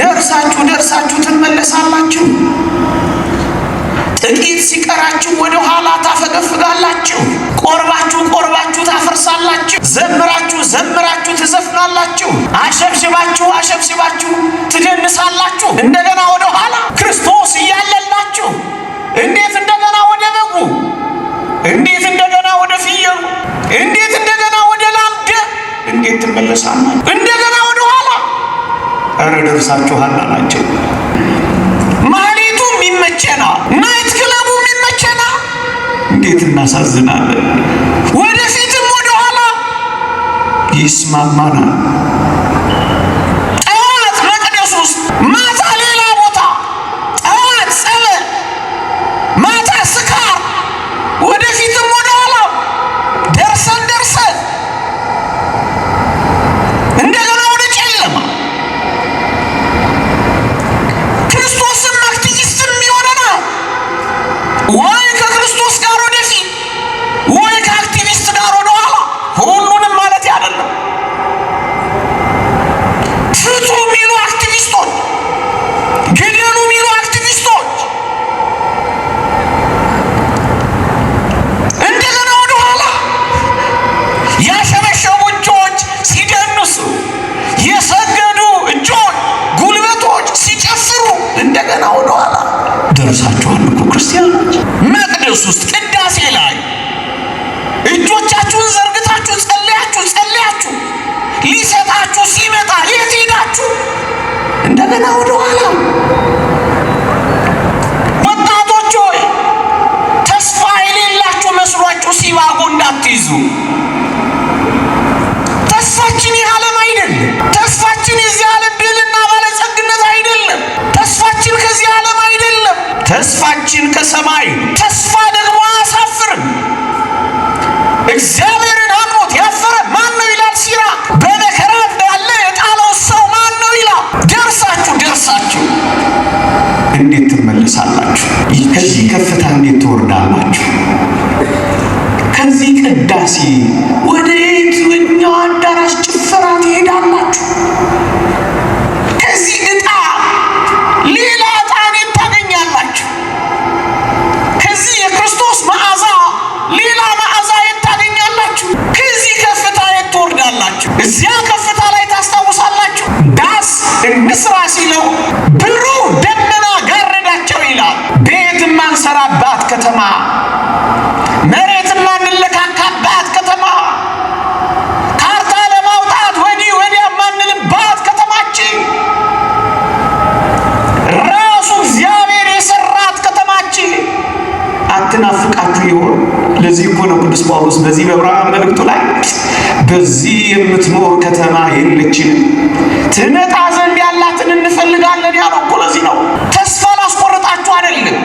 ደርሳችሁ ደርሳችሁ ትመለሳላችሁ። ጥቂት ሲቀራችሁ ወደ ኋላ ታፈገፍጋላችሁ። ቆርባችሁ ቆርባችሁ ታፈርሳላችሁ። ዘምራችሁ ዘምራችሁ ትዘፍናላችሁ። አሸብሽባችሁ አሸብሽባችሁ ትደንሳላችሁ። እንደገና ወደ ኋላ ክርስቶስ እያለላችሁ እንዴት እንደገና ወደ በጉ፣ እንዴት እንደገና ወደ ፍየሩ፣ እንዴት እንደገና ወደ ላምደ እንዴት ትመለሳላችሁ እንደገና እረ ደርሳችኋል አላቸው። ማሌቱ የሚመቸና ናይት ክለቡ የሚመቸና እንዴት እናሳዝናለን። ወደፊትም ወደኋላ ይስማማናል። እንደገና ወደ ኋላ ደረሳችኋል እኮ ክርስቲያኖች። መቅደስ ውስጥ ቅዳሴ ላይ እጆቻችሁን ዘርግታችሁ ጸለያችሁ ጸለያችሁ ሊሰጣችሁ ሲመጣ የት ሄዳችሁ? እንደገና ወደ ኋላ እግዚአብሔርን አምኖት ያፈረ ማን ነው ይላል ሲራ። በመከራ እንዳለ የጣለው ሰው ማን ነው ይላል። ደርሳችሁ ደርሳችሁ እንዴት ትመለሳላችሁ? ከዚህ ከፍታ እንዴት ትወርዳላችሁ? ከዚህ ቅዳሴ ወደ ግባ ሲለው ብሩ ደመና ጋረዳቸው ይላል። ቤት የማንሰራባት ከተማ፣ መሬት ከተማ፣ ካርታ ለማውጣት ከተማችን፣ ራሱ እግዚአብሔር የሰራት ከተማችን አትናፍቃችሁ ይሆን? ለዚህ እኮ ነው ቅዱስ ጳውሎስ በዚህ በዕብራውያን መልእክቱ ላይ በዚህ የምትኖር ከተማ የለችንም። ትመጣ ዘንድ ያላትን እንፈልጋለን ያለው እኮ ለዚህ ነው። ተስፋ ላስቆረጣችሁ አይደለም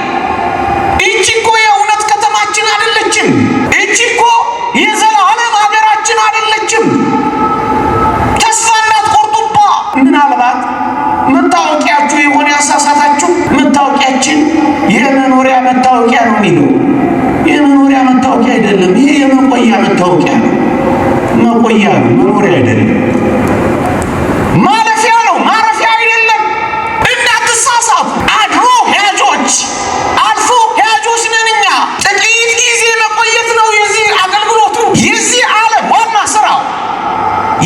መቆያ ነው፣ መኖሪያ አይደለም። ማረፊያ ነው፣ ማረፊያ አይደለም። እንዳትሳሳቱ። አድሮ ያጆች አልፎ ያጆች ነን እኛ። ጥቂት ጊዜ መቆየት ነው የዚህ አገልግሎቱ፣ የዚህ ዓለም ዋና ስራው፣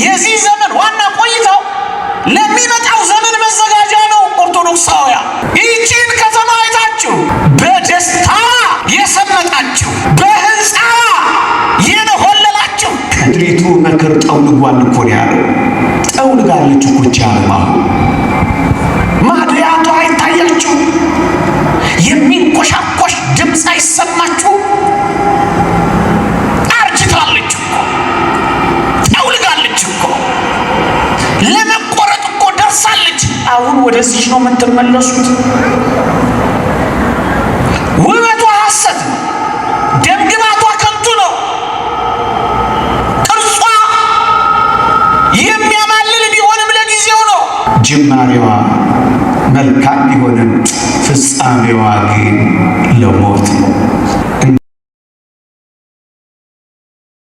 የዚህ ዘመን ዋና ቆይታው ለሚመጣው ዘመን መዘጋጃ ነው። ኦርቶዶክሳውያን ይህችን ከተማ አይታችሁ በደስታ የሰመጣችሁ በህንፃ ምድሪቱ መከር ጠውልጓል እኮ ነው ያለው። ጠውልጋለች እኮ ይህች ዓለም። ማድያቷ አይታያችሁ? የሚንቆሻቆሽ ድምፅ አይሰማችሁ? አርጅታለች እኮ ጠውልጋለች እኮ ለመቆረጥ እኮ ደርሳለች። አሁን ወደዚች ነው የምትመለሱት? መልካም ቢሆንም ፍጻሜዋ ግን ለሞት ነው።